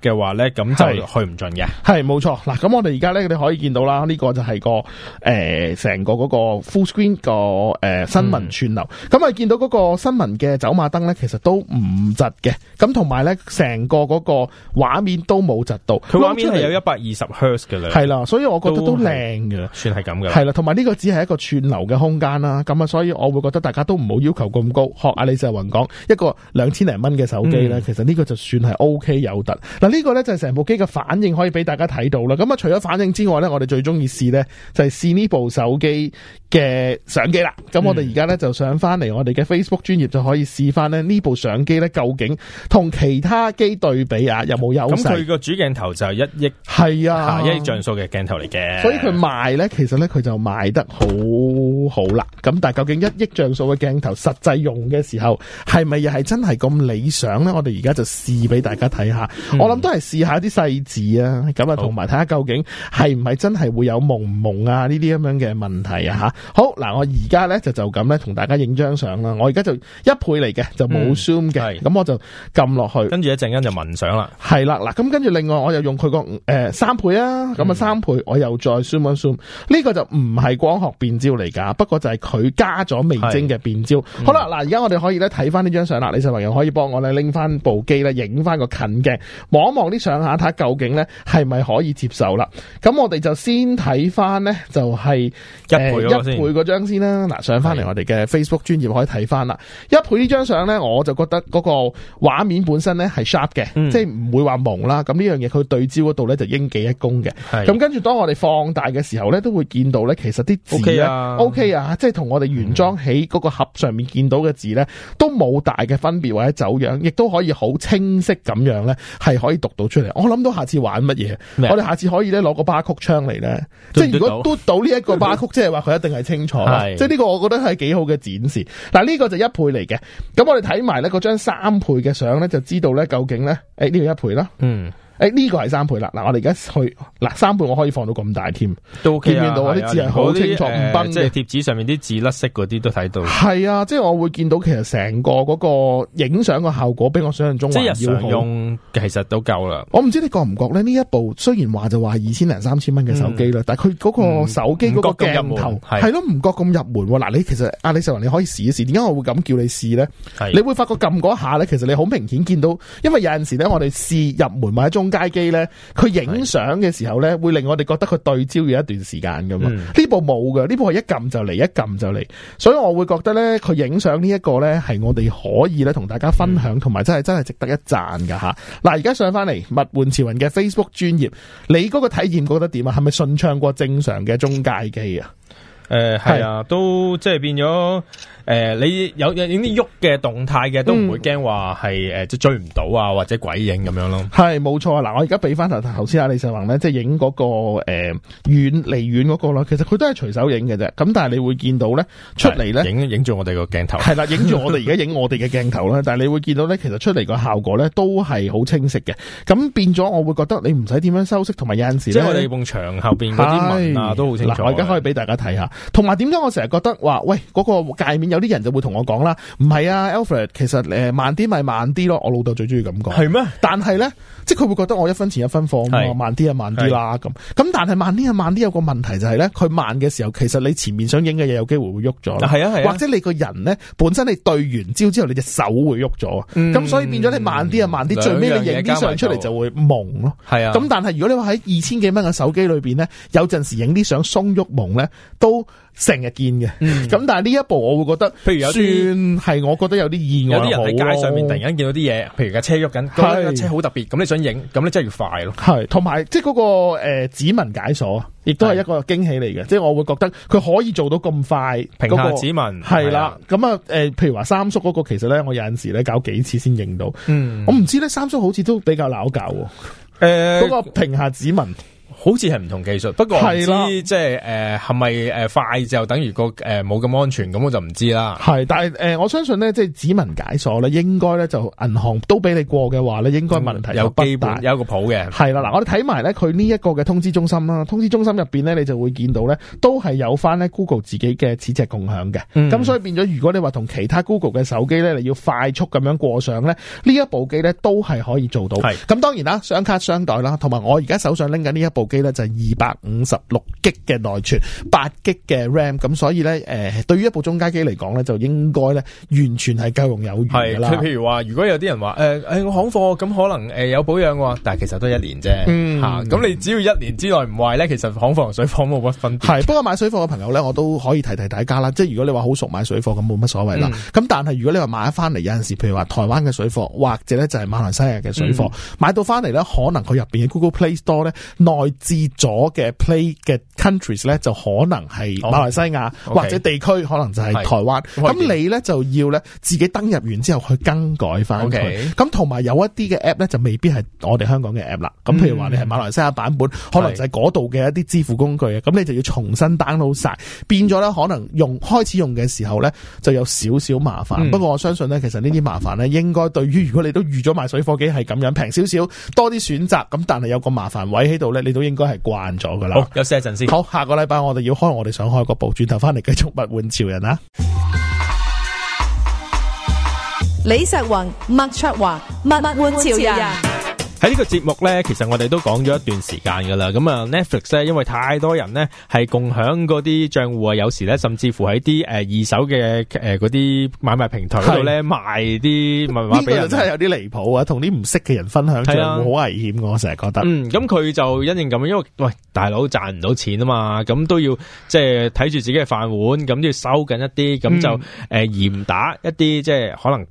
嘅話咧，咁就去唔盡嘅。係冇錯，嗱，咁我哋而家咧，你可以見到啦，呢、這個就係個誒成、呃、個嗰個 full screen 個誒、呃、新聞串流。咁啊見到嗰個新聞嘅走馬燈咧，其實都唔窒嘅。咁同埋咧，成個嗰個畫面都冇窒到。佢畫面係有一百二十赫茲嘅啦，係啦，所以我覺得都靚㗎。算係咁嘅。係啦，同埋呢個只係一個串流嘅空間啦。咁啊，所以我會覺得大家都唔好要，要求咁高。學阿李世云講，一個兩千零蚊嘅手機咧，嗯、其實呢個就算係 O K 有得。嗱、這、呢個呢就係成部機嘅反應，可以俾大家睇到啦。咁啊，除咗反應之外呢，我哋最中意試呢就係、是、試呢部手機嘅相機啦。咁、嗯、我哋而家呢，就上翻嚟我哋嘅 Facebook 專業，就可以試翻呢部相機呢，究竟同其他機對比啊有冇有，優勢？咁佢個主鏡頭就係一億，係啊一億像素嘅鏡頭嚟嘅、啊，所以佢賣呢，其實呢，佢就賣得好。都好啦，咁但係究竟一億像素嘅鏡頭實際用嘅時候係咪又係真係咁理想呢？我哋而家就試俾大家睇下，嗯、我諗都係試下啲細致啊，咁啊同埋睇下究竟係唔係真係會有蒙蒙啊呢啲咁樣嘅問題啊吓。好嗱，我而家咧就就咁咧同大家影張相啦。我而家我就一倍嚟嘅，就冇 zoom 嘅，咁、嗯、我就撳落去，跟住一陣間就紋相啦。係啦，嗱咁跟住另外我又用佢個誒、呃、三倍啊，咁啊三倍我又再 zoom zoom 呢、這個就唔係光學變焦嚟噶。不過就係佢加咗味精嘅變焦。嗯、好啦，嗱，而家我哋可以咧睇翻呢張相啦。李世華又可以幫我咧拎翻部機咧，影翻個近鏡望一望啲相下，睇下究竟咧係咪可以接受啦。咁我哋就先睇翻咧，就係一倍一倍嗰張先啦。嗱，上翻嚟我哋嘅 Facebook 專頁可以睇翻啦。一倍呢張相咧，我就覺得嗰個畫面本身咧係 sharp 嘅，嗯，即係唔會話蒙啦。咁呢樣嘢佢對焦嗰度咧就應記一功嘅。咁、嗯、跟住當我哋放大嘅時候咧，都會見到咧，其實啲字，啊、OK。啊、hey，即係同我哋原裝喺嗰個盒上面見到嘅字呢、嗯，都冇大嘅分別或者走樣，亦都可以好清晰咁樣呢，係可以讀到出嚟。我諗到下次玩乜嘢，我哋下次可以呢攞個巴曲槍嚟呢。即係如果嘟到呢一個巴曲，即係話佢一定係清楚，嗯、即係呢個我覺得係幾好嘅展示。嗱，呢、這個就一倍嚟嘅，咁我哋睇埋呢嗰張三倍嘅相呢，就知道呢究竟呢，誒呢個一倍啦，嗯。誒，呢個係三倍啦，嗱我哋而家去嗱三倍我可以放到咁大添，都見到啲、啊啊、字係好清楚唔崩嘅、呃、即係貼紙上面啲字甩色嗰啲都睇到。係啊，即係我會見到其實成個嗰個影相嘅效果，比我想像中要好即係日常用其實都夠啦。我唔知你覺唔覺呢？呢一部雖然話就話二千零三千蚊嘅手機啦、嗯，但係佢嗰個手機嗰個、嗯、鏡頭係咯，唔覺咁入門。嗱、啊、你其實阿李世華你可以試一試，點解我會咁叫你試咧？你會發覺撳嗰下咧，其實你好明顯見到，因為有陣時咧我哋試入門或者。中階機呢佢影相嘅時候呢會令我哋覺得佢對焦要一段時間噶嘛？呢、嗯、部冇㗎，呢部係一撳就嚟，一撳就嚟，所以我會覺得呢，佢影相呢一個呢，係我哋可以咧，同大家分享，同、嗯、埋真係真係值得一讚噶吓。嗱、啊，而家上翻嚟物玩潮人嘅 Facebook 專頁，你嗰個體驗覺得點啊？係咪順暢過正常嘅中階機、欸、啊？誒，係啊，都即係變咗。誒、呃，你有有影啲喐嘅動態嘅都唔會驚話係誒即追唔到啊，或者鬼影咁樣咯。係冇錯啊！嗱，我而家俾翻頭頭先阿李世宏咧，即係影嗰個誒遠離遠嗰個咯。其實佢都係隨手影嘅啫。咁但係你會見到咧，出嚟，咧影影住我哋個鏡頭係啦，影住我哋而家影我哋嘅鏡頭啦。 但係你會見到咧，其實出嚟個效果咧都係好清晰嘅。咁變咗我會覺得你唔使點樣修飾，同埋有陣時咧，即、就、係、是、你埲牆後邊嗰啲紋啊都好清楚，啊。我而家可以俾大家睇下。同埋點解我成日覺得話喂、嗰個界面有啲人就會同我講啦，唔係啊，Alfred，其實誒慢啲咪慢啲咯，我老豆最中意咁講。係咩？但係咧，即係佢會覺得我一分錢一分貨，係慢啲啊，慢啲啦咁。咁但係慢啲啊，慢啲有個問題就係、係、咧，佢慢嘅時候，其實你前面想影嘅嘢有機會會喐咗。係、係。或者你個人咧，本身你對完焦之後，你隻手會喐咗，咁、嗯、所以變咗你慢啲啊，慢啲，最尾你影啲相出嚟就會朦咯。係啊。咁但係如果你話喺二千幾蚊嘅手機裏邊咧，有陣時影啲相鬆喐朦咧，都。成日見嘅，咁、嗯、但係呢一步我會覺得，譬如有啲算係我覺得有啲意外，啊，有啲人喺街上面突然間見到啲嘢，譬如架車喐緊，架車好特別，咁你想影，咁你真係要快咯。係，同埋即係嗰個誒指紋解鎖，亦都係一個驚喜嚟嘅。即係我會覺得佢可以做到咁快，屏下指紋係啦。咁、那、啊、個，誒、呃，譬如話三叔嗰，那個，其實咧我有陣時咧搞幾次先影到。嗯，我唔知咧，三叔好似都比較拗教。誒、欸，那個屏下指紋。好似係唔同技術，不過係啦，即係誒係咪誒快就等於個誒冇咁安全咁，我就唔知啦。係，但係誒、呃、我相信咧，即、就、係、是、指紋解鎖咧，應該咧就銀行都俾你過嘅話咧，應該問題有基本有個譜嘅。係啦，嗱，我哋睇埋咧佢呢一個嘅通知中心啦、嗯，通知中心入邊咧，你就會見到咧，都係有翻咧 Google 自己嘅指紋共享嘅。咁、嗯、所以變咗，如果你話同其他 Google 嘅手機咧，你要快速咁樣過上咧，呢一部機咧都係可以做到。係咁，當然啦，雙卡雙待啦，同埋我而家手上拎緊呢一部。機咧就係二百五十六 G 嘅內存，八 G 嘅 RAM，咁所以咧，誒、呃，對於一部中階機嚟講咧，就應該咧完全係夠用有餘啦。譬如話，如果有啲人話，誒、呃，誒、哎，我行貨咁可能誒、呃、有保養嘅但係其實都一年啫。吓、嗯，咁你只要一年之內唔壞咧，其實行貨同水貨冇乜分別。係，不過買水貨嘅朋友咧，我都可以提提大家啦。即係如果你話好熟買水貨咁冇乜所謂啦。咁、嗯、但係如果你話買翻嚟有陣時，譬如話台灣嘅水貨，或者咧就係馬來西亞嘅水貨、嗯，買到翻嚟咧，可能佢入邊嘅 Google Play Store 咧內。自咗嘅 play 嘅 countries 咧，就可能係馬來西亞、oh, okay, 或者地區可能就係台灣，咁你咧就要咧自己登入完之後去更改翻佢。咁同埋有一啲嘅 app 咧就未必係我哋香港嘅 app 啦。咁、嗯、譬如話你係馬來西亞版本、嗯，可能就係嗰度嘅一啲支付工具。咁你就要重新 download 晒，變咗咧可能用開始用嘅時候咧就有少少麻煩、嗯，不過我相信咧，其實呢啲麻煩咧應該對於如果你都預咗買水貨機係咁樣平少少多啲選擇咁但係有個麻煩位喺度咧，你都應。應該係慣咗噶啦，好，休息一陣先。好，下個禮拜我哋要開，我哋想開嗰部，轉頭翻嚟繼續物玩潮人啊！李石雲、麥卓華，物玩潮人。喺呢個節目咧，其實我哋都講咗一段時間噶啦。咁啊，Netflix 咧，因為太多人呢係共享嗰啲賬戶啊，有時咧甚至乎喺啲誒二手嘅、誒嗰啲買賣平台度咧賣啲密碼俾人，這個，真係有啲離譜啊！同啲唔識嘅人分享賬戶，好危險，啊、我成日覺得。嗯，咁佢就因應咁樣，因為喂大佬賺唔到錢啊嘛，咁都要即係睇住自己嘅飯碗，咁都要收緊一啲，咁就誒嚴、嗯呃、打一啲，即係可能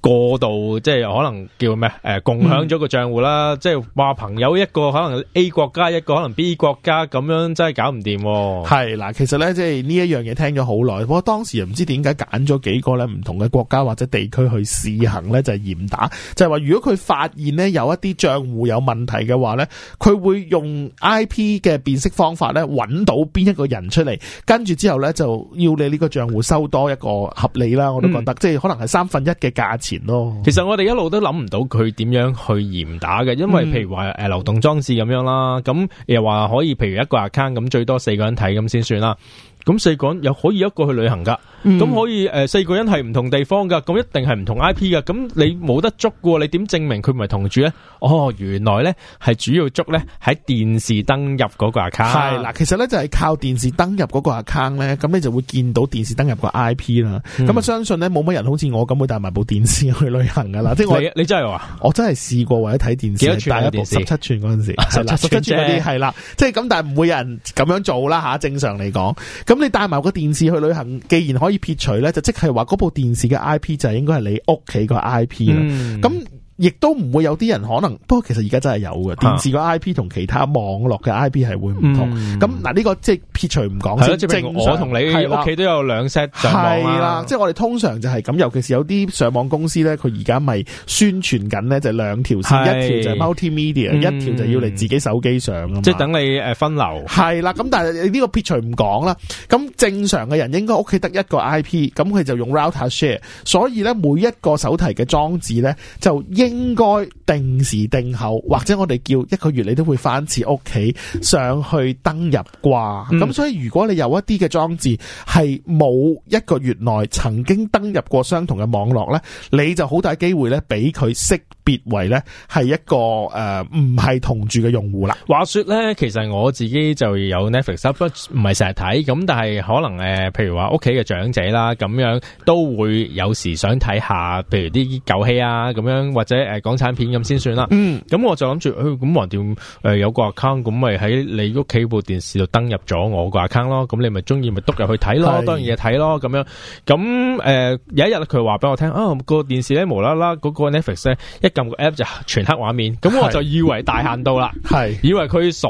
過度，即係可能叫咩誒、呃、共享咗個賬戶。嗯啦，即係話朋友一個可能 A 國家一個可能 B 國家咁樣真係搞唔掂。係嗱，其實呢，即係呢一樣嘢聽咗好耐，我當時又唔知點解揀咗幾個咧唔同嘅國家或者地區去試行呢就係、是、嚴打，就係、是、話如果佢發現呢有一啲賬戶有問題嘅話呢，佢會用 IP 嘅辨識方法呢揾到邊一個人出嚟，跟住之後呢，就要你呢個賬戶收多一個合理啦，我都覺得、嗯、即係可能係三分一嘅價錢咯。其實我哋一路都諗唔到佢點樣去嚴打。嘅，因為譬如話誒流動裝置咁樣啦，咁又話可以，譬如一個 account 咁，最多四個人睇咁先算啦。咁四個人又可以一個去旅行噶，咁、嗯、可以誒、呃、四個人係唔同地方噶，咁一定係唔同 I P 噶。咁你冇得捉噶，你點證明佢唔係同住咧？哦，原來咧係主要捉咧喺電視登入嗰個 account。係啦，其實咧就係靠電視登入嗰個 account 咧，咁你就會見到電視登入個 I P 啦、嗯。咁啊，相信咧冇乜人好似我咁會帶埋部電視去旅行噶啦。即係你真係話，我真係試過或者睇電視，帶一部十七寸嗰陣時，十 七寸嗰啲係啦，即係咁，但係唔會有人咁樣做啦吓。正常嚟講。咁你帶埋個電視去旅行，既然可以撇除咧，就即係話嗰部電視嘅 IP 就係應該係你屋企個 IP 啦。咁。亦都唔會有啲人可能，不過其實而家真係有嘅電視個 IP 同其他網絡嘅 IP 係會唔同。咁嗱，呢個即係撇除唔講先。正常我同你屋企都有兩 set 就係啦，即係我哋通常就係咁，尤其是有啲上網公司咧，佢而家咪宣傳緊咧，就兩條線，一條就係 multimedia，一條就要你自己手機上，即係等你誒分流。係啦，咁但係呢個撇除唔講啦。咁正常嘅人應該屋企得一個 IP，咁佢就用 router share。所以咧，每一個手提嘅裝置咧，就應應該定時定候，或者我哋叫一個月，你都會翻次屋企上去登入啩。咁、嗯、所以如果你有一啲嘅裝置係冇一個月內曾經登入過相同嘅網絡呢，你就好大機會呢俾佢識。別為咧係一個誒，唔係同住嘅用戶啦。話說咧，其實我自己就有 Netflix，不過唔係成日睇。咁但係可能誒，譬如話屋企嘅長者啦，咁樣都會有時想睇下，譬如啲舊戲啊，咁樣或者誒港產片咁先算啦。嗯，咁我就諗住，誒咁橫掂，誒有個 account，咁咪喺你屋企部電視度登入咗我個 account。咯，咁你咪中意咪篤入去睇咯，當然嘢睇咯，咁樣。咁誒有一日咧，佢話俾我聽，啊個電視咧無啦啦嗰個 Netflix 咧一。個 app 就全黑畫面，咁我就以為大限到啦，係以為佢鎖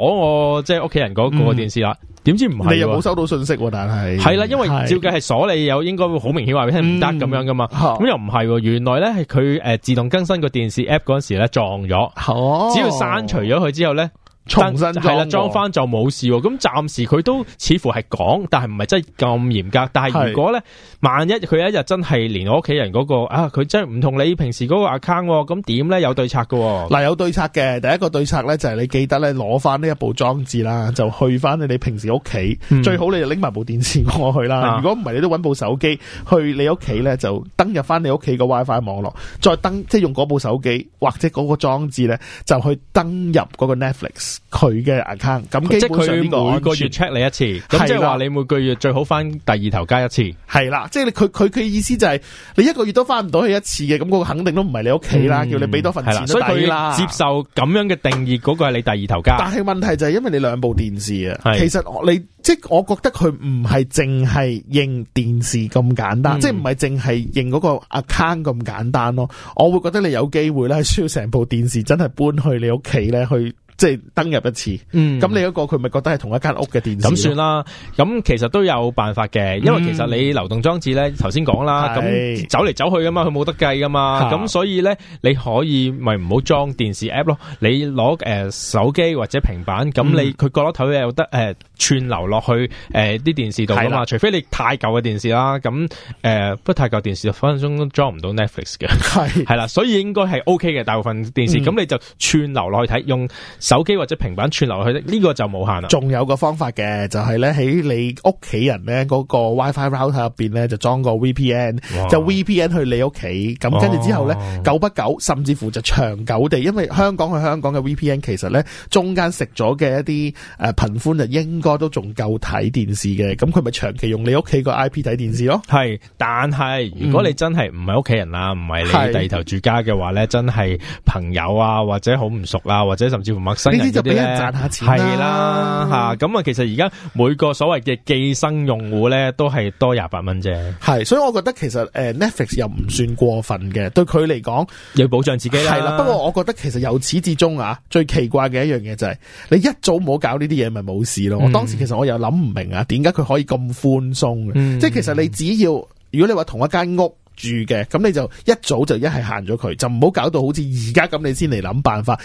我即係屋企人嗰個電視啦，點、嗯、知唔係，你又冇收到信息，啊，但係係啦，因為照計係鎖你有，應該會好明顯話俾你聽唔得咁樣噶嘛，咁、嗯、又唔係，原來咧係佢誒自動更新個電視 app 嗰時咧撞咗、哦，只要刪除咗佢之後咧。重新係啦，裝翻就冇事。咁暫時佢都似乎係講，但係唔係真係咁嚴格。但係如果咧，萬一佢一日真係連我屋企人嗰、嗰個啊，佢真係唔同你平時嗰個 account，咁點咧有對策嘅？嗱，有對策嘅。第一個對策咧就係你記得咧攞翻呢一部裝置啦，就去翻你平時屋企、嗯。最好你就拎埋部電視過去啦。如果唔係，你都揾部手機去你屋企咧，就登入翻你屋企個 WiFi 網絡，再登即係用嗰部手機或者嗰個裝置咧，就去登入嗰個 Netflix。佢嘅 account，咁即係佢每個月 check 你一次，咁即係話你每個月最好返第二頭家一次。係啦，即係佢佢佢意思就係你一個月都返唔到去一次嘅，咁、那、嗰個肯定都唔係你屋企啦，叫、嗯、你俾多份錢啦。所以接受咁樣嘅定義，嗰、那個係你第二頭家。但係問題就係因為你兩部電視啊，其實你即係我覺得佢唔係淨係認電視咁簡單，嗯、即係唔係淨係認嗰個 account 咁簡單咯。我會覺得你有機會咧，需要成部電視真係搬去你屋企咧去。即係登入一次，咁、嗯、你嗰個佢咪覺得係同一間屋嘅電視？咁、嗯、算啦，咁其實都有辦法嘅，因為其實你流動裝置呢，頭先講啦，咁、嗯、走嚟走去噶嘛，佢冇得計噶嘛，咁所以呢，你可以咪唔好裝電視 app 咯，你攞誒、呃、手機或者平板，咁你佢角落頭有得誒、呃、串流落去誒啲、呃、電視度噶嘛，除非你太舊嘅電視啦，咁誒、呃、不太舊電視分分鐘都裝唔到 Netflix 嘅，係係啦，所以應該係 OK 嘅，大部分電視，咁、嗯、你就串流落去睇用。手機或者平板串流去咧，呢個就無限啦。仲有個方法嘅，就係咧喺你屋企人咧嗰個 WiFi router 入邊咧，就裝個 VPN，就 VPN 去你屋企。咁跟住之後咧，久不久甚至乎就長久地，因為香港去香港嘅 VPN 其實咧，中間食咗嘅一啲誒頻寬就應該都仲夠睇電視嘅。咁佢咪長期用你屋企個 IP 睇電視咯？係，但係如果你真係唔係屋企人啦，唔係你第二頭住家嘅話咧，真係朋友啊，或者好唔熟啦，或者甚至乎麥。呢啲就俾人賺下錢啦，係啦吓，咁啊，其實而家每個所謂嘅寄生用戶咧，都係多廿八蚊啫。係，所以我覺得其實誒 Netflix 又唔算過分嘅，對佢嚟講又要保障自己啦。係啦，不過我覺得其實由始至終啊，最奇怪嘅一樣嘢就係、是、你一早冇搞呢啲嘢，咪冇事咯。我當時其實我又諗唔明啊，點解佢可以咁寬鬆嘅？即係其實你只要如果你話同一間屋。住嘅，咁你就一早就一係限咗佢，就唔好搞到好似而家咁，你先嚟諗辦法。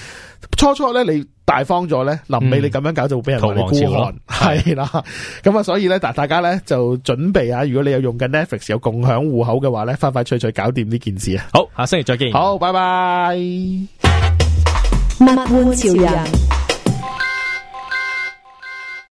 初初咧你大方咗咧，臨尾你咁樣搞就會俾人話你孤寒，係、嗯、啦。咁啊、嗯，所以咧，但大家咧就準備啊，如果你有用緊 Netflix 有共享戶口嘅話咧，快快脆脆搞掂呢件事啊。好，下星期再見。好，拜拜。物玩潮人。